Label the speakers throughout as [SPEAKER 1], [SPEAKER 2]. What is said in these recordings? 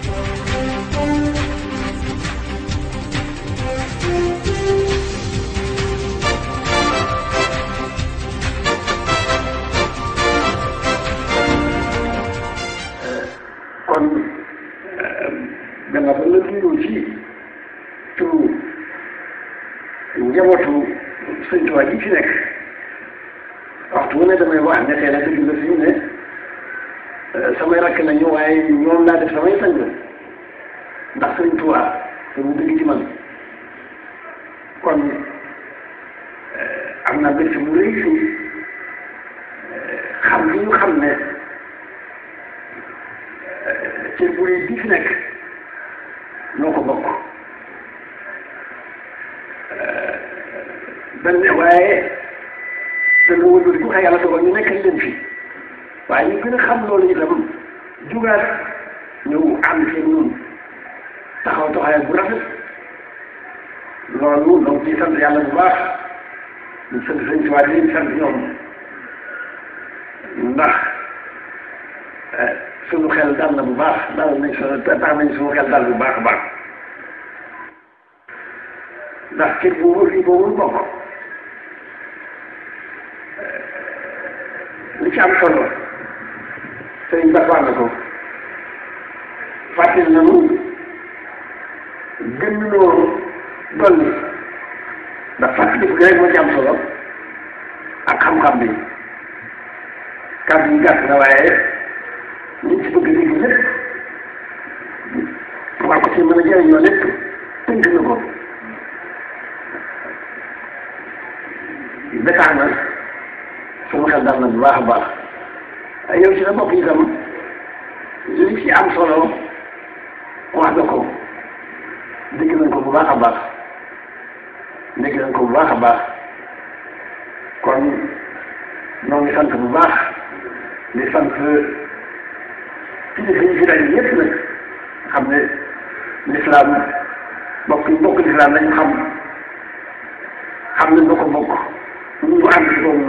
[SPEAKER 1] Euh, sëñ Tuubaa ji fi nekk waxtu wu ne damay wax ne xëy na dëgg la fi mu ne Euh, samay rakk nañu waaye ñoom laa def samay sang ndax sëriñ Tuubaa te mu dëgg ci man kon euh, am naa bés bu rëy si euh, xam li ñu xam ne ci bu rëy bi fi nekk noo ko bokk benn waaye dana wëlbatiku ay yàlla dogal ñu nekkal leen fii waaye ñu gën a xam loolu itam jugaat ñëw ànd ci ñun taxaw taxawaay bu rafet loolu donc ci sant yàlla bu baax ñu sant sëñ Tuubaa di sant ñoom ndax eh, suñu xel dal na bu baax dal nañ suñu tax nañ suñu xel bu baax a baax ndax kër boobu fii boobul eh, li ci am solo sëriñ Ba wax na ko fàttali na mu gën loo dolli ndax fàttali ko rek moo ci am solo ak xam-xam bi kàddu yi gàtt na waaye ñu ci bëgg dégg lépp war ko ci mën a jëriñoo lépp tënk na ko ba tax na suñu xel dal na bu baax a baax. yow ci sa bopp itam li ci am solo wax nga ko dégg nañ ko bu baax a baax dégg nañ ko bu baax a baax kon ñoo ngi sant bu baax di sant kilifa yi fi daje yépp nag xam ne lislaam bokk yi bokk lislaam lañu xam xam ne boo ko bokk ñu ànd si boobu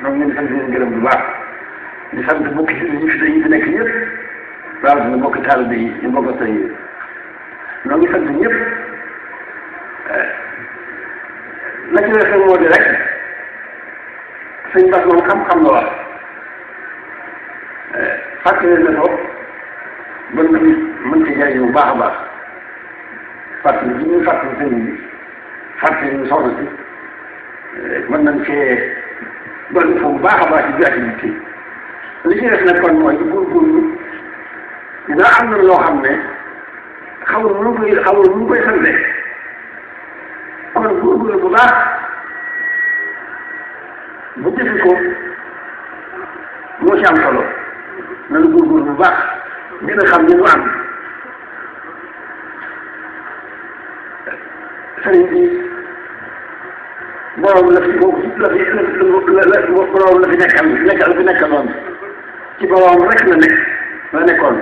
[SPEAKER 1] noonu ñoo ngi leen di sant di leen gërëm bu baax. di sant mbokki jullit ñi fi tey ñu fi nekk ñëpp waaw ñu mbokki taalibe yi ñu mbokk tey yi ñoo ngi sant ñëpp eh, la ci weesoo moo di rek sëñ Bass moom xam la wax eh, fàttali na ko mën nga mën ci jaay bu baax a baax fàttali bi ñuy fàttali sëñ bi fàttali ñu soxna si eh, mën nañ cee dolli fa bu baax a baax ci jaay bi li ci def nag kon mooy góorgóorlu dina am na loo xam ne xamul nu mu koy xamul nu mu koy sante kon góorgóorlu bu baax bu jëfi ko moo ci am solo nanu góorgóorlu bu baax dina xam ni mu am sëriñ bi la fi boobu la fi la la fi nekkal nekkal fi ci boroom rek la nekk la nekkoon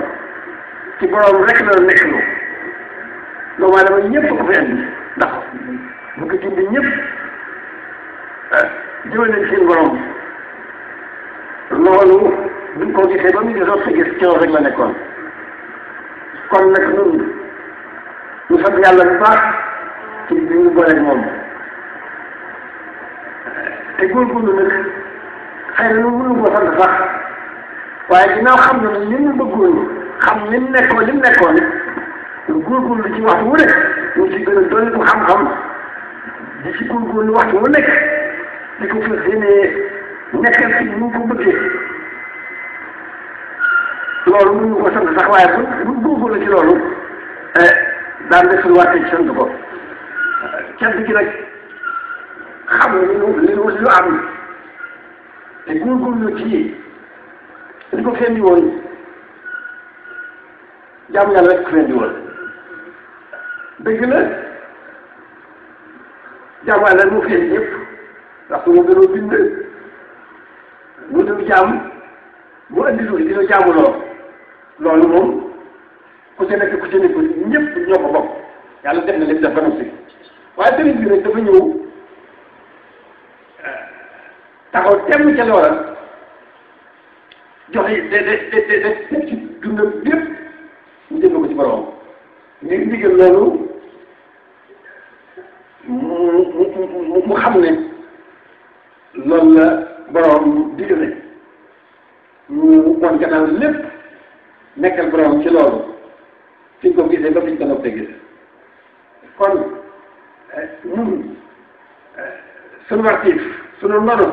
[SPEAKER 1] ci boroom rek la nekk lu doomu aadama ñëpp ko fi andi ndax bu ko gindi ñëpp ma leen seen boroom loolu buñ ko gisee ba mu gisoon sa gis ci rek la nekkoon kon nag ñun ñu sant yàlla bu baax ci bi ñu booleeg moom te góorgóorlu nag xëy na lu mënu ko sant sax waaye ginnaaw xam na ne li mu bëggoon xam li mu nekkoon li mu nekkoon ñu góorgóorlu ci waxtu wu nekk ñu ci gën a dolli ko xam-xam di ci góorgóorlu waxtu nekk di ko fas yéenee nekkal ci mu ko loolu mënuñu ko sant sax waaye bu bu góorgóorlu ci loolu eh, daan def lu wàtte ci sant ko cant gi nag xam nga li ñu li ñu am te góorgóorlu ci. dañ ko fendi woon jaamu yàlla rek ko fendi woon dëgg la jaamu yàlla mu fendi ñëpp ndax moo gën a bind mu dul jaam mu andi lu dina jaamu lool loolu moom ku ci nekk ku ci nekk ñëpp ñoo ko bokk yàlla def na lépp def ba noppi waaye sëriñ bi rek dafa ñëw taxaw temm ca loola joxe de de de de teg ci dundam lépp mu jënd ko ci borom ngir ndigal loolu mu mu mu xam ne loolu la borom digle mu wan gannaaw lépp nekkal borom ci loolu fi ñu ko gisee ba fi ñu ko noppee gis kon eh, ñun eh, sunu wartiif sunu ndono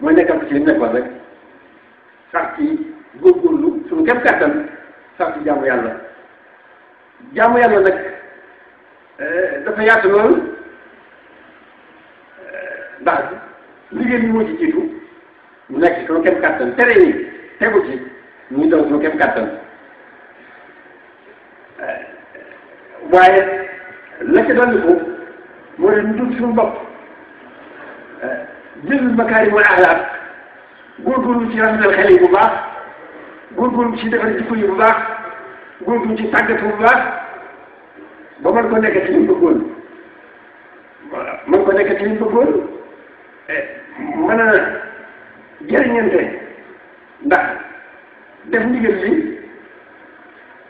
[SPEAKER 1] mooy nekkal ko ci li nekkoon rek. sax ci góorgóorlu suñu képp kàttan sax ci jaamu yàlla jaamu yàlla nag eh, dafa yaatu lool eh, ndax liggéey bi moo ci jiitu mu nekk suñu képp kàttan tere yi tegu ci ñu doon suñu képp kàttan eh, waaye la ca dolli ko moo leen dund suñu bopp jël makaarimul axlaaq góorgóorlu ci rafetal xel yi bu baax góorgóorlu ci defar jikko yi bu baax góorgóorlu ci tàggatu bu baax ba mën ko nekk ci li mu bëggoon voilà mën ko nekk ci li mu bëggoon eh, a jëriñante ndax def ndigal li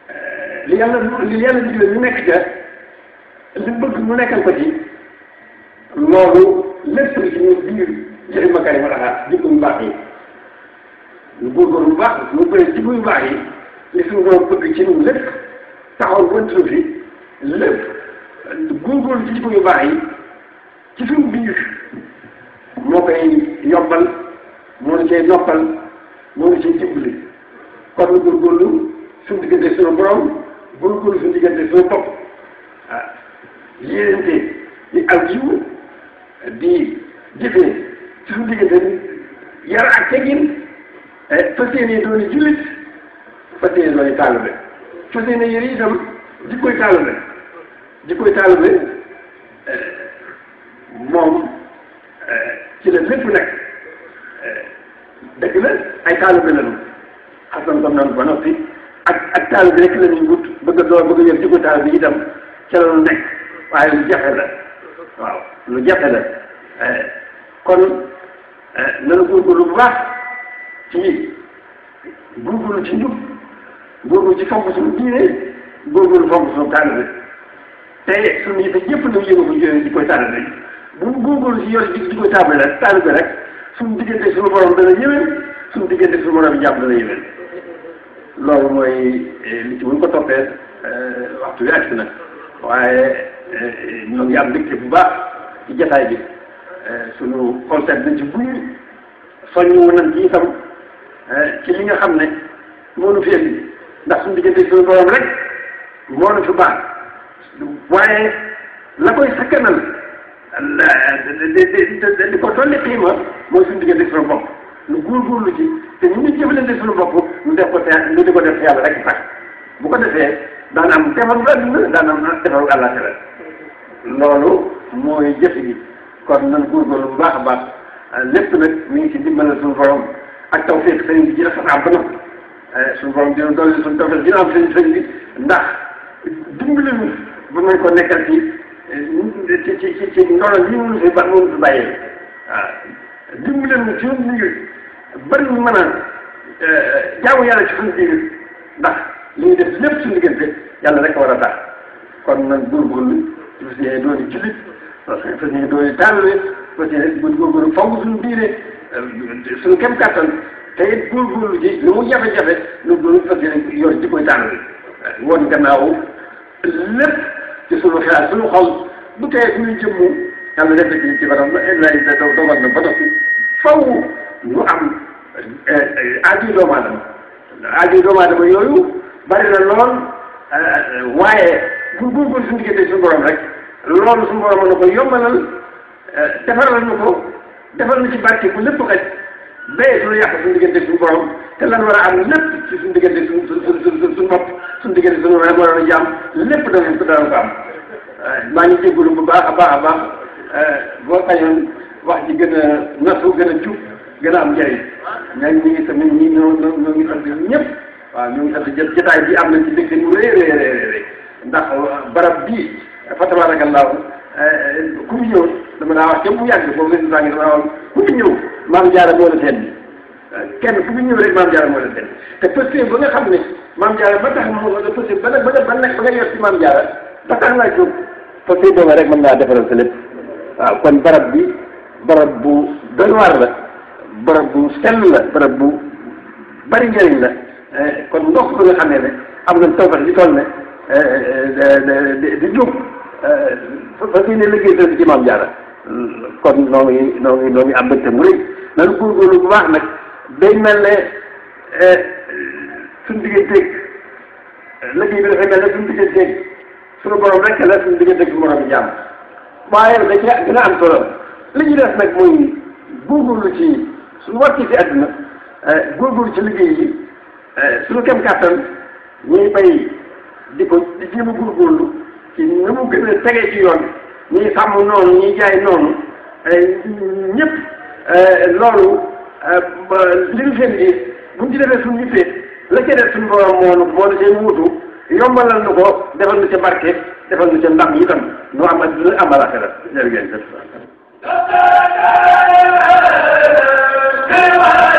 [SPEAKER 1] eh, li yàlla li yàlla digal ñu nekk ca li bëgg mu nekkal ko ci loolu lépp li ci ñun makari ma daxaa jikko mu baax ñu góorgóorlu bu baax ñu bëree ci muy baax yi li suñu borom bëgg ci ñun lépp taxaw wëntu fi lépp góorgóorlu ci jikko yu baax yi ci suñu biir moo koy yombal moo ñu koy noppal moo ñu ciy dimbali kon ñu góorgóorlu suñu diggante suñu borom góorgóorlu suñu diggante suñu bopp ah yéenante di aw jiw di jëfee ci suñu diggante yar ak teggin Eh, fas yéene dooni jullit fas yéene dooni taalibe fas yéene yére itam jikkoy taalibe jikkoy taalibe eh, moom eh, ci la lépp nekk dëgg la ay taalibe lañu ak ak taalibe rek la bëgg a door bëgg a yor jikkoy taalibe itam ca la ñu nekk waaye lu jafe la waaw lu jafe la kon nanu góorgóorlu bu baax ci ñi góorgóorlu ci njub góorgóorlu ci fonk suñu diine góorgóorlu fonk suñu taalibe te suñu yëf yëpp ñu yëngu ko di koy taalibe bu mu góorgóorlu ci yor di di koy taalibe rek taalibe rek suñu diggante suñu borom dana yéwén suñu diggante suñu borom jàpp dana yéwén loolu mooy eh, li ci buñ ko toppee eh, waxtu bi àgg si nag waaye eh, ñoo ngi am mbégte bu baax ci jataay bi suñu concept dañ ci buñu soññu nañ ci itam ci li nga xam ne moo nu fi indi ndax suñu diggante suñu borom rek moo nu fi baax waaye la koy a sakkanal di di ko tolli xiima mooy suñu diggante suñu bopp nu gi ci te ñu ngi jëflante suñu bopp ñu def ko te ñu a ko def yàlla rek sax bu ko defee daan am defaru àdduna daan am defaru àllaaxira loolu mooy jëf yi kon nan góorgóorlu bu baax a baax lépp nag mi ngi ci dimbalal suñu ak tawfeex sëriñ bi ji rafet àbb na suñu borom dina dolli suñu tawfeex dina am sëriñ sëriñ bi ndax dimbali ñu ba mën ko nekkal ci eh, ci ci ci ci ndono lii mënu fi ba mënu fi bàyyee waaw ah, dimbali ñu ci ñu ngi bari ñu mën a eh, jaamu yàlla ci suñu biir ndax li ñu def lépp suñu diggante yàlla rek war a tax kon nag góorgóorlu ci fas yéene doon jullit parce que fas yéene doon taalibe fas yéene góorgóorlu fonk suñu diine suñu kéem kàttan te it góorgóorlu ji lu mu jafe-jafe lu doon fas yéene yor di koy tànn woon gannaaw lépp ci suñu xalaat suñu xol bu tee suñu jëmmu yàlla def na ci ci baram lay dogal na ba noppi faw ñu am eh, aajo doomu aadama aajo doomu aadama yooyu bari na lool eh, waaye bu góorgóorlu suñu diggante suñu borom rek loolu suñu borom mën na ko yombalal eh, defaral na ko defal ñu ci barke bu lépp xaj béyee suñu yàq suñu diggante suñu borom te lan war a am lépp ci suñu diggante suñu suñu suñu suñu bopp suñu diggante suñu wala moo doon jaam lépp danañ ko danañ ko am euh, maa ngi jégalu bu baax a baax a baax euh, boo sañoon wax ji gën a nasu gën a jub gën a am njëriñ ñaari ñi ngi tamit ñi ñoo ñoo ngi sant ñëpp waaw ñoo ngi sant jot jotaay bi am na ci dëkk yu rëy rëy rëy ndax barab bii fa tabarakallahu euh, ku mu ñëw. dama daa wax ca bu yàgg ku fi ñëw maam jaara moo la tedd kenn ku fi ñëw rek maam jaara moo la tedd te pëste ba nga xam ne maam jaara ba tax moo nga pëste ba nag ba nag ba nag rek mën naa defaral sa lépp waaw kon barab bi barab bu doy waar la barab bu sell la barab bu bari njëriñ la eh, kon ndox ba nga xam ne am na tawfat di toll ne eh, eh, di jóg fa fa fi ne liggéey ci maam jaara kon noo ngi noo ngi noo ngi am bëccëg mu rëy nanu góorgóorlu bu baax nag day mel ne eh, suñu digganteeg eh, liggéey bi dafay mel ne suñu digganteeg suñu borom rek la suñu digganteeg suñu borom jàmm waaye da ci gën a am solo li ñu def nag mooy góorgóorlu ci suñu wàcc ci àdduna eh, góorgóorlu ci liggéey yi suñu kem kàttan ñuy bay di ko di jéem a góorgóorlu ci ni mu gën a tegee ci yoon ñiy xamu noonu ñiy jaay noonu eh, ñëpp eh, loolu eh, li ñu seen di buñ ci defee suñu yittee la ca def suñu borom moonu moonu seen wuutu yombalal nu ko defal nu ca barke defal nu ca ndam yi tam nu am ak dina am alaxira jërë ngeen jëf